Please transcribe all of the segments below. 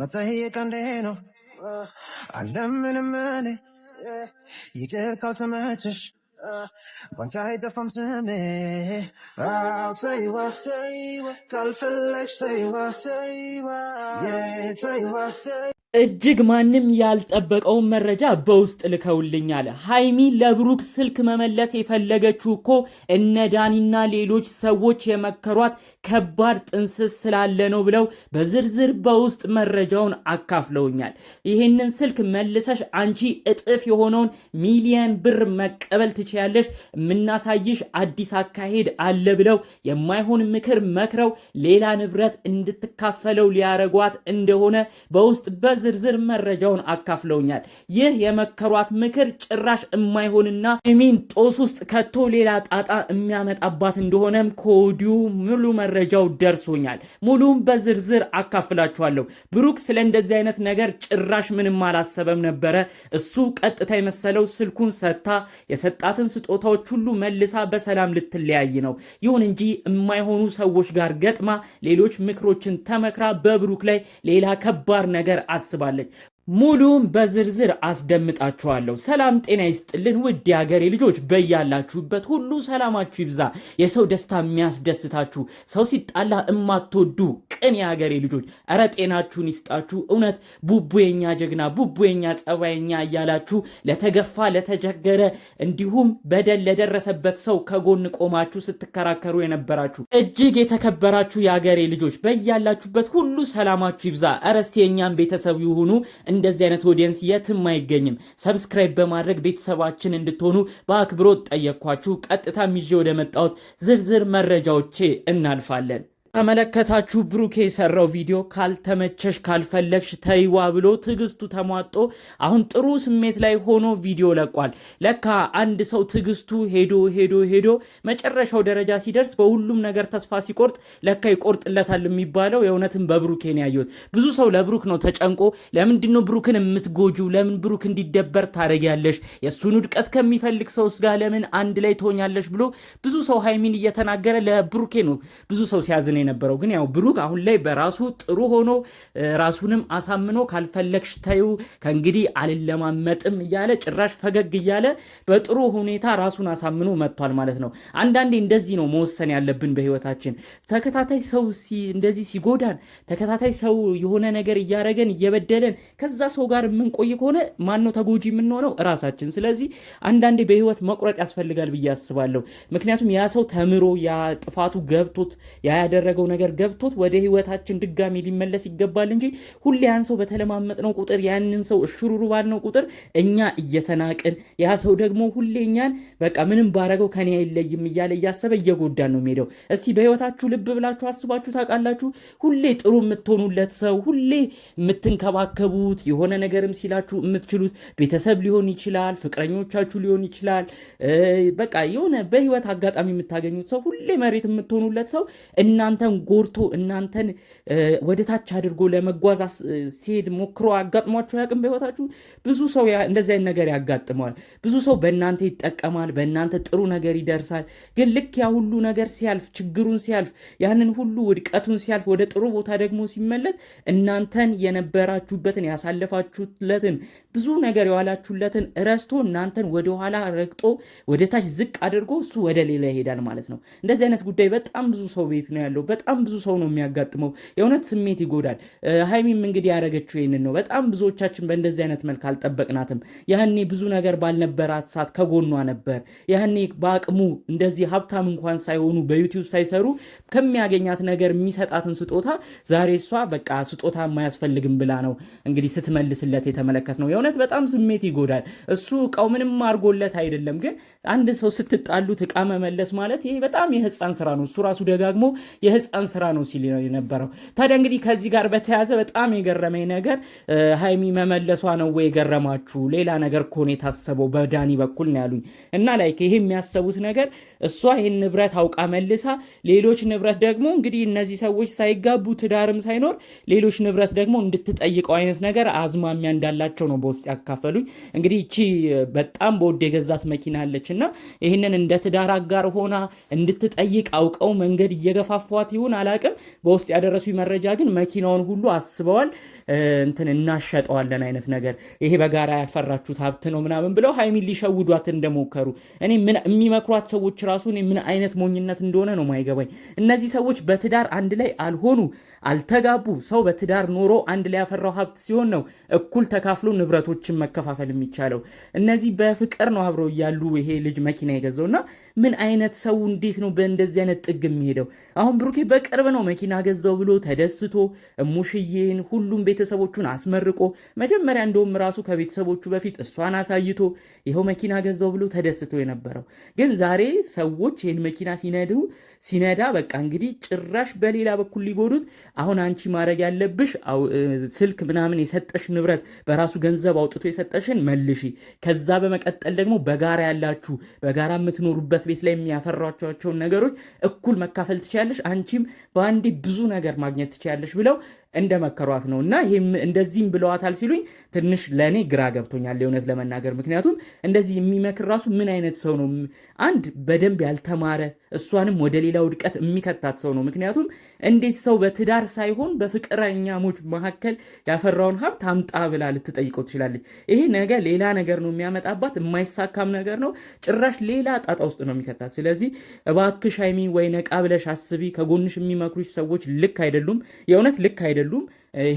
መጠየቅ እንዴ ነው አለምንም እኔ ይቅር ካልተመቸሽ ባንቺ አይጠፋም ስሜ ተይዋ ካልፈለግሽ ተይዋ ተይዋ እጅግ ማንም ያልጠበቀውን መረጃ በውስጥ ልከውልኛል። ሀይሚ ለብሩክ ስልክ መመለስ የፈለገችው እኮ እነ ዳኒና ሌሎች ሰዎች የመከሯት ከባድ ጥንስስ ስላለ ነው ብለው በዝርዝር በውስጥ መረጃውን አካፍለውኛል። ይህንን ስልክ መልሰሽ አንቺ እጥፍ የሆነውን ሚሊየን ብር መቀበል ትችያለሽ፣ የምናሳይሽ አዲስ አካሄድ አለ ብለው የማይሆን ምክር መክረው ሌላ ንብረት እንድትካፈለው ሊያረጓት እንደሆነ በውስጥ በዝ ዝርዝር መረጃውን አካፍለውኛል። ይህ የመከሯት ምክር ጭራሽ የማይሆንና ጦስ ውስጥ ከቶ ሌላ ጣጣ የሚያመጣባት እንደሆነም ከወዲሁ ሙሉ መረጃው ደርሶኛል። ሙሉም በዝርዝር አካፍላችኋለሁ። ብሩክ ስለ እንደዚህ አይነት ነገር ጭራሽ ምንም አላሰበም ነበረ። እሱ ቀጥታ የመሰለው ስልኩን ሰጥታ የሰጣትን ስጦታዎች ሁሉ መልሳ በሰላም ልትለያይ ነው። ይሁን እንጂ የማይሆኑ ሰዎች ጋር ገጥማ ሌሎች ምክሮችን ተመክራ በብሩክ ላይ ሌላ ከባድ ነገር አስ ታስባለች። ሙሉም በዝርዝር አስደምጣችኋለሁ። ሰላም ጤና ይስጥልን ውድ የሀገሬ ልጆች፣ በያላችሁበት ሁሉ ሰላማችሁ ይብዛ። የሰው ደስታ የሚያስደስታችሁ ሰው ሲጣላ እማትወዱ ቅን የሀገሬ ልጆች፣ እረ ጤናችሁን ይስጣችሁ። እውነት ቡቡየኛ ጀግና፣ ቡቡየኛ ጸባየኛ እያላችሁ ለተገፋ ለተቸገረ፣ እንዲሁም በደል ለደረሰበት ሰው ከጎን ቆማችሁ ስትከራከሩ የነበራችሁ እጅግ የተከበራችሁ የሀገሬ ልጆች፣ በያላችሁበት ሁሉ ሰላማችሁ ይብዛ። እረ እስቲ የእኛም ቤተሰብ ይሁኑ እንደዚህ አይነት ኦዲየንስ የትም አይገኝም። ሰብስክራይብ በማድረግ ቤተሰባችን እንድትሆኑ በአክብሮት ጠየቅኳችሁ። ቀጥታ ይዤ ወደ መጣሁት ዝርዝር መረጃዎቼ እናልፋለን። ተመለከታችሁ ብሩክ የሰራው ቪዲዮ ካልተመቸሽ ካልፈለግሽ ተይዋ ብሎ ትዕግስቱ ተሟጦ አሁን ጥሩ ስሜት ላይ ሆኖ ቪዲዮ ለቋል። ለካ አንድ ሰው ትዕግስቱ ሄዶ ሄዶ ሄዶ መጨረሻው ደረጃ ሲደርስ በሁሉም ነገር ተስፋ ሲቆርጥ ለካ ይቆርጥለታል የሚባለው የእውነትም በብሩኬ ነው ያየሁት። ብዙ ሰው ለብሩክ ነው ተጨንቆ ለምንድን ነው ብሩክን የምትጎጁ ለምን ብሩክ እንዲደበር ታደርጊያለሽ? የእሱን ውድቀት ከሚፈልግ ሰውስ ጋር ለምን አንድ ላይ ትሆኛለሽ? ብሎ ብዙ ሰው ሀይሚን እየተናገረ ለብሩኬ ነው ብዙ ሰው ሲያዝን የነበረው። ግን ያው ብሩክ አሁን ላይ በራሱ ጥሩ ሆኖ ራሱንም አሳምኖ ካልፈለግሽ ተዩ ከእንግዲህ አልለማመጥም እያለ ጭራሽ ፈገግ እያለ በጥሩ ሁኔታ ራሱን አሳምኖ መጥቷል ማለት ነው። አንዳንዴ እንደዚህ ነው መወሰን ያለብን በህይወታችን። ተከታታይ ሰው እንደዚህ ሲጎዳን፣ ተከታታይ ሰው የሆነ ነገር እያረገን እየበደለን ከዛ ሰው ጋር የምንቆይ ከሆነ ማነው ተጎጂ የምንሆነው? እራሳችን። ስለዚህ አንዳንዴ በህይወት መቁረጥ ያስፈልጋል ብዬ አስባለሁ። ምክንያቱም ያ ሰው ተምሮ ያ ጥፋቱ ገብቶት ያ ያደረ ያደረገው ነገር ገብቶት ወደ ህይወታችን ድጋሚ ሊመለስ ይገባል እንጂ ሁሌ ያን ሰው በተለማመጥነው ቁጥር ያንን ሰው እሽሩሩ ባልነው ቁጥር እኛ እየተናቅን ያ ሰው ደግሞ ሁሌ እኛን በቃ ምንም ባረገው ከኔ አይለይም እያለ እያሰበ እየጎዳን ነው የሚሄደው። እስቲ በህይወታችሁ ልብ ብላችሁ አስባችሁ ታውቃላችሁ? ሁሌ ጥሩ የምትሆኑለት ሰው፣ ሁሌ የምትንከባከቡት፣ የሆነ ነገርም ሲላችሁ የምትችሉት ቤተሰብ ሊሆን ይችላል፣ ፍቅረኞቻችሁ ሊሆን ይችላል፣ በቃ የሆነ በህይወት አጋጣሚ የምታገኙት ሰው፣ ሁሌ መሬት የምትሆኑለት ሰው እናንተ እናንተን ጎርቶ እናንተን ወደታች አድርጎ ለመጓዝ ሲሄድ ሞክሮ አጋጥሟችሁ ያቅም? በህይወታችሁ ብዙ ሰው እንደዚህ አይነት ነገር ያጋጥመዋል። ብዙ ሰው በእናንተ ይጠቀማል፣ በእናንተ ጥሩ ነገር ይደርሳል። ግን ልክ ያ ሁሉ ነገር ሲያልፍ፣ ችግሩን ሲያልፍ፣ ያንን ሁሉ ውድቀቱን ሲያልፍ፣ ወደ ጥሩ ቦታ ደግሞ ሲመለስ እናንተን የነበራችሁበትን ያሳለፋችሁለትን ብዙ ነገር የዋላችሁለትን ረስቶ እናንተን ወደኋላ ረግጦ ወደታች ዝቅ አድርጎ እሱ ወደ ሌላ ይሄዳል ማለት ነው። እንደዚህ አይነት ጉዳይ በጣም ብዙ ሰው ቤት ነው ያለው። በጣም ብዙ ሰው ነው የሚያጋጥመው። የእውነት ስሜት ይጎዳል። ሀይሚም እንግዲህ ያደረገችው ይህንን ነው። በጣም ብዙዎቻችን በእንደዚህ አይነት መልክ አልጠበቅናትም። ያህኔ ብዙ ነገር ባልነበራት ሰዓት ከጎኗ ነበር። ያህኔ በአቅሙ እንደዚህ ሀብታም እንኳን ሳይሆኑ በዩቲዩብ ሳይሰሩ ከሚያገኛት ነገር የሚሰጣትን ስጦታ ዛሬ እሷ በቃ ስጦታ የማያስፈልግም ብላ ነው እንግዲህ ስትመልስለት የተመለከት ነው። የእውነት በጣም ስሜት ይጎዳል። እሱ እቃው ምንም አድርጎለት አይደለም፣ ግን አንድ ሰው ስትጣሉት እቃ መመለስ ማለት ይሄ በጣም የህፃን ስራ ነው። እሱ ራሱ ደጋግሞ የህፃን ስራ ነው ሲል የነበረው። ታዲያ እንግዲህ ከዚህ ጋር በተያያዘ በጣም የገረመኝ ነገር ሀይሚ መመለሷ ነው ወይ የገረማችሁ? ሌላ ነገር ከሆነ የታሰበው በዳኒ በኩል ነው ያሉኝ። እና ላይክ ይሄ የሚያሰቡት ነገር እሷ ይህን ንብረት አውቃ መልሳ፣ ሌሎች ንብረት ደግሞ እንግዲህ እነዚህ ሰዎች ሳይጋቡ ትዳርም ሳይኖር ሌሎች ንብረት ደግሞ እንድትጠይቀው አይነት ነገር አዝማሚያ እንዳላቸው ነው በውስጥ ያካፈሉኝ። እንግዲህ እቺ በጣም በውድ የገዛት መኪና አለች እና ይህንን እንደ ትዳር አጋር ሆና እንድትጠይቅ አውቀው መንገድ እየገፋፏት አስበዋት ይሁን አላቅም። በውስጥ ያደረሱ መረጃ ግን መኪናውን ሁሉ አስበዋል፣ እንትን እናሸጠዋለን አይነት ነገር ይሄ በጋራ ያፈራችሁት ሀብት ነው ምናምን ብለው ሀይሚን ሊሸውዷት እንደሞከሩ እኔ የሚመክሯት ሰዎች ራሱ እኔ ምን አይነት ሞኝነት እንደሆነ ነው ማይገባኝ። እነዚህ ሰዎች በትዳር አንድ ላይ አልሆኑ፣ አልተጋቡ። ሰው በትዳር ኖሮ አንድ ላይ ያፈራው ሀብት ሲሆን ነው እኩል ተካፍሎ ንብረቶችን መከፋፈል የሚቻለው። እነዚህ በፍቅር ነው አብረው እያሉ ይሄ ልጅ መኪና የገዛውና ምን አይነት ሰው እንዴት ነው በእንደዚህ አይነት ጥግ የሚሄደው? አሁን ብሩክ ብሩኬ በቅርብ ነው መኪና ገዛው ብሎ ተደስቶ እሙሽዬን ሁሉም ቤተሰቦቹን አስመርቆ መጀመሪያ እንደውም ራሱ ከቤተሰቦቹ በፊት እሷን አሳይቶ ይኸው መኪና ገዛው ብሎ ተደስቶ የነበረው ግን ዛሬ ሰዎች ይህን መኪና ሲነዱ ሲነዳ በቃ እንግዲህ ጭራሽ በሌላ በኩል ሊጎዱት አሁን አንቺ ማድረግ ያለብሽ ስልክ ምናምን የሰጠሽ ንብረት በራሱ ገንዘብ አውጥቶ የሰጠሽን መልሺ። ከዛ በመቀጠል ደግሞ በጋራ ያላችሁ በጋራ የምትኖሩበት ቤት ላይ የሚያፈራቸውን ነገሮች እኩል መካፈል ትችላለሽ አን አንቺም በአንዴ ብዙ ነገር ማግኘት ትችያለሽ ብለው እንደመከሯት ነው እና ይህም እንደዚህም ብለዋታል ሲሉኝ ትንሽ ለእኔ ግራ ገብቶኛል የእውነት ለመናገር ምክንያቱም እንደዚህ የሚመክር ራሱ ምን አይነት ሰው ነው? አንድ በደንብ ያልተማረ እሷንም ወደ ሌላ ውድቀት የሚከታት ሰው ነው። ምክንያቱም እንዴት ሰው በትዳር ሳይሆን በፍቅረኛሞች መካከል ያፈራውን ሀብት አምጣ ብላ ልትጠይቀው ትችላለች። ይሄ ነገር ሌላ ነገር ነው የሚያመጣባት፣ የማይሳካም ነገር ነው። ጭራሽ ሌላ ጣጣ ውስጥ ነው የሚከታት። ስለዚህ እባክሽ ሀይሚ ወይ ነቃ ብለሽ አስቢ። ከጎንሽ የሚመክሩሽ ሰዎች ልክ አይደሉም፣ የእውነት ልክ አይደሉም።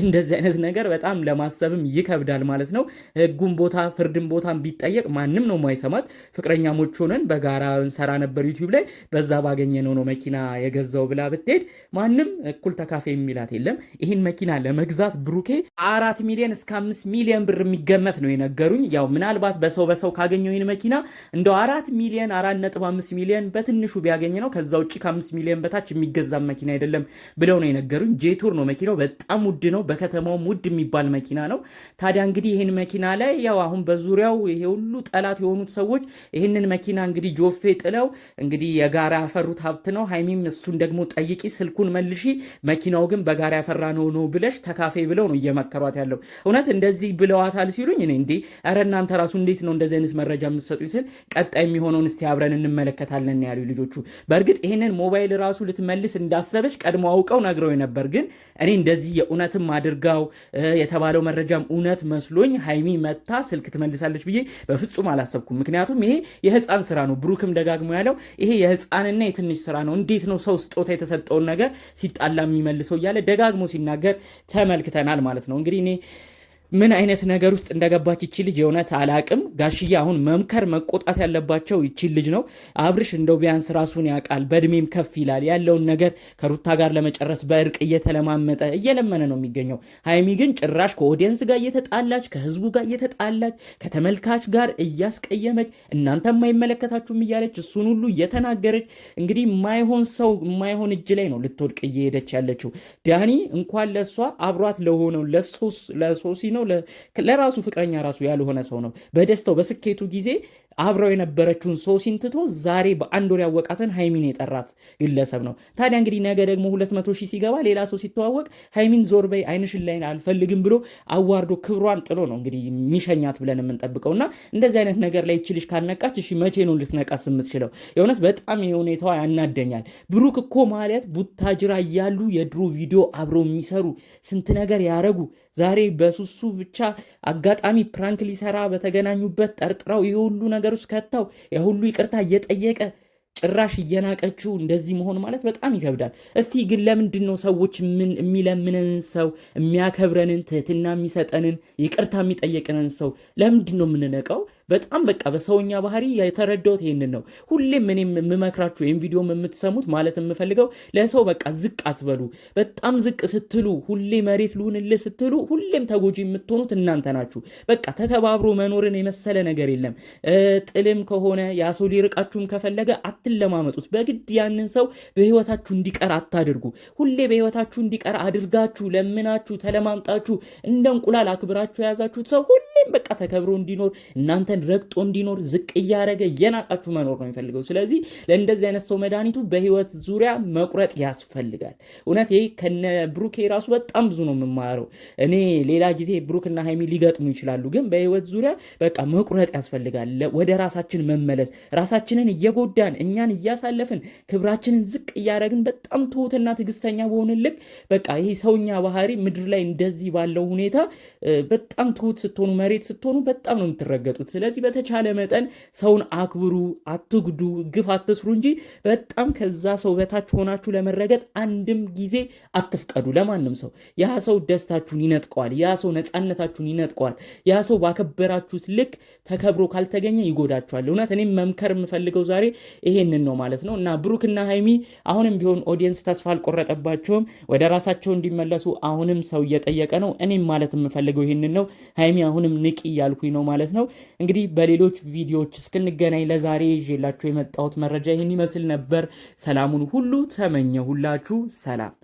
እንደዚህ አይነት ነገር በጣም ለማሰብም ይከብዳል ማለት ነው። ህጉን ቦታ ፍርድን ቦታ ቢጠየቅ ማንም ነው ማይሰማት። ፍቅረኛሞች ሆነን በጋራ እንሰራ ነበር ዩቲዩብ ላይ በዛ ባገኘ ነው መኪና የገዛው ብላ ብትሄድ ማንም እኩል ተካፌ የሚላት የለም። ይህን መኪና ለመግዛት ብሩኬ አራት ሚሊዮን እስከ አምስት ሚሊዮን ብር የሚገመት ነው የነገሩኝ። ያው ምናልባት በሰው በሰው ካገኘው ይህን መኪና እንደው አራት ሚሊዮን አራት ነጥብ አምስት ሚሊዮን በትንሹ ቢያገኝ ነው። ከዛ ውጭ ከአምስት ሚሊዮን በታች የሚገዛም መኪና አይደለም ብለው ነው የነገሩኝ። ጄቱር ነው መኪናው በጣም ውድ ነው። በከተማውም ውድ የሚባል መኪና ነው። ታዲያ እንግዲህ ይህን መኪና ላይ ያው አሁን በዙሪያው ይሄ ሁሉ ጠላት የሆኑት ሰዎች ይህንን መኪና እንግዲህ ጆፌ ጥለው እንግዲህ የጋራ ያፈሩት ሀብት ነው። ሀይሚም እሱን ደግሞ ጠይቂ፣ ስልኩን መልሺ፣ መኪናው ግን በጋራ ያፈራ ነው ነው ብለሽ ተካፌ ብለው ነው እየመከሯት ያለው። እውነት እንደዚህ ብለዋታል ሲሉኝ እኔ እንዴ ኧረ እናንተ ራሱ እንዴት ነው እንደዚህ አይነት መረጃ የምትሰጡኝ ስል ቀጣይ የሚሆነውን እስቲ አብረን እንመለከታለን ያሉ ልጆቹ። በእርግጥ ይህንን ሞባይል ራሱ ልትመልስ እንዳሰበች ቀድሞ አውቀው ነግረው ነበር። ግን እኔ እንደዚህ የእውነት ውሸትም አድርጋው የተባለው መረጃም እውነት መስሎኝ ሀይሚ መታ ስልክ ትመልሳለች ብዬ በፍጹም አላሰብኩም። ምክንያቱም ይሄ የህፃን ስራ ነው። ብሩክም ደጋግሞ ያለው ይሄ የህፃንና የትንሽ ስራ ነው። እንዴት ነው ሰው ስጦታ የተሰጠውን ነገር ሲጣላ የሚመልሰው እያለ ደጋግሞ ሲናገር ተመልክተናል ማለት ነው እንግዲህ እኔ ምን አይነት ነገር ውስጥ እንደገባች ይቺ ልጅ የእውነት አላቅም። ጋሽዬ አሁን መምከር መቆጣት ያለባቸው ይቺ ልጅ ነው። አብርሽ እንደው ቢያንስ ራሱን ያውቃል፣ በእድሜም ከፍ ይላል። ያለውን ነገር ከሩታ ጋር ለመጨረስ በእርቅ እየተለማመጠ እየለመነ ነው የሚገኘው። ሀይሚ ግን ጭራሽ ከኦዲየንስ ጋር እየተጣላች፣ ከህዝቡ ጋር እየተጣላች፣ ከተመልካች ጋር እያስቀየመች፣ እናንተ የማይመለከታችሁም እያለች እሱን ሁሉ እየተናገረች እንግዲህ ማይሆን ሰው ማይሆን እጅ ላይ ነው ልትወድቅ እየሄደች ያለችው። ዳኒ እንኳን ለእሷ አብሯት ለሆነው ለሶሲ ነው ነው። ለራሱ ፍቅረኛ ራሱ ያልሆነ ሰው ነው። በደስታው በስኬቱ ጊዜ አብረው የነበረችውን ሶሲን ትቶ ዛሬ በአንድ ወር ያወቃትን ሃይሚን የጠራት ግለሰብ ነው። ታዲያ እንግዲህ ነገ ደግሞ ሁለት መቶ ሺህ ሲገባ ሌላ ሰው ሲተዋወቅ ሃይሚን ዞር በይ ዓይንሽን ላይ አልፈልግም ብሎ አዋርዶ ክብሯን ጥሎ ነው እንግዲህ የሚሸኛት ብለን የምንጠብቀው እና እንደዚህ አይነት ነገር ላይ ይችልሽ ካልነቃች እሺ መቼ ነው ልትነቃስ የምትችለው? የእውነት በጣም የሁኔታዋ ያናደኛል። ብሩክ እኮ ማለት ቡታጅራ እያሉ የድሮ ቪዲዮ አብረው የሚሰሩ ስንት ነገር ያረጉ ዛሬ በሱሱ ብቻ አጋጣሚ ፕራንክ ሊሰራ በተገናኙበት ጠርጥረው ይህ ነ ነገር ውስጥ ከተው የሁሉ ይቅርታ እየጠየቀ ጭራሽ እየናቀችው እንደዚህ መሆን ማለት በጣም ይከብዳል። እስቲ ግን ለምንድን ነው ሰዎች ምን የሚለምነንን ሰው የሚያከብረንን ትህትና የሚሰጠንን ይቅርታ የሚጠየቅንን ሰው ለምንድን ነው የምንነቀው? በጣም በቃ በሰውኛ ባህሪ የተረዳሁት ይህንን ነው። ሁሌም እኔም የምመክራችሁ ወይም ቪዲዮም የምትሰሙት ማለት የምፈልገው ለሰው በቃ ዝቅ አትበሉ። በጣም ዝቅ ስትሉ፣ ሁሌ መሬት ልሁንልህ ስትሉ፣ ሁሌም ተጎጂ የምትሆኑት እናንተ ናችሁ። በቃ ተከባብሮ መኖርን የመሰለ ነገር የለም። ጥልም ከሆነ ያ ሰው ሊርቃችሁም ከፈለገ አትለማመጡት። በግድ ያንን ሰው በህይወታችሁ እንዲቀር አታድርጉ። ሁሌ በህይወታችሁ እንዲቀር አድርጋችሁ ለምናችሁ ተለማምጣችሁ እንደ እንቁላል አክብራችሁ የያዛችሁት ሰው ሁሌም በቃ ተከብሮ እንዲኖር እናንተ ያንን ረግጦ እንዲኖር ዝቅ እያደረገ እየናቃችሁ መኖር ነው የሚፈልገው። ስለዚህ ለእንደዚህ አይነት ሰው መድኃኒቱ በህይወት ዙሪያ መቁረጥ ያስፈልጋል። እውነት ይህ ከነ ብሩኬ ራሱ በጣም ብዙ ነው የምማረው እኔ። ሌላ ጊዜ ብሩክና ሀይሚ ሊገጥሙ ይችላሉ፣ ግን በህይወት ዙሪያ በቃ መቁረጥ ያስፈልጋል። ወደ ራሳችን መመለስ፣ ራሳችንን እየጎዳን እኛን እያሳለፍን ክብራችንን ዝቅ እያደረግን በጣም ትሁትና ትዕግስተኛ በሆን በቃ ይህ ሰውኛ ባህሪ ምድር ላይ እንደዚህ ባለው ሁኔታ በጣም ትሁት ስትሆኑ፣ መሬት ስትሆኑ በጣም ነው የምትረገጡት። ስለዚህ በተቻለ መጠን ሰውን አክብሩ፣ አትጉዱ፣ ግፍ አትስሩ እንጂ በጣም ከዛ ሰው በታች ሆናችሁ ለመረገጥ አንድም ጊዜ አትፍቀዱ ለማንም ሰው። ያ ሰው ደስታችሁን ይነጥቀዋል። ያ ሰው ነፃነታችሁን ይነጥቀዋል። ያ ሰው ባከበራችሁት ልክ ተከብሮ ካልተገኘ ይጎዳችኋል። እውነት እኔም መምከር የምፈልገው ዛሬ ይሄንን ነው ማለት ነው እና ብሩክና ሀይሚ አሁንም ቢሆን ኦዲየንስ ተስፋ አልቆረጠባቸውም። ወደ ራሳቸው እንዲመለሱ አሁንም ሰው እየጠየቀ ነው። እኔም ማለት የምፈልገው ይሄንን ነው። ሀይሚ አሁንም ንቂ እያልኩኝ ነው ማለት ነው እንግዲህ እንግዲህ በሌሎች ቪዲዮዎች እስክንገናኝ ለዛሬ ይዤላችሁ የመጣሁት መረጃ ይህን ይመስል ነበር። ሰላሙን ሁሉ ተመኘሁላችሁ። ሰላም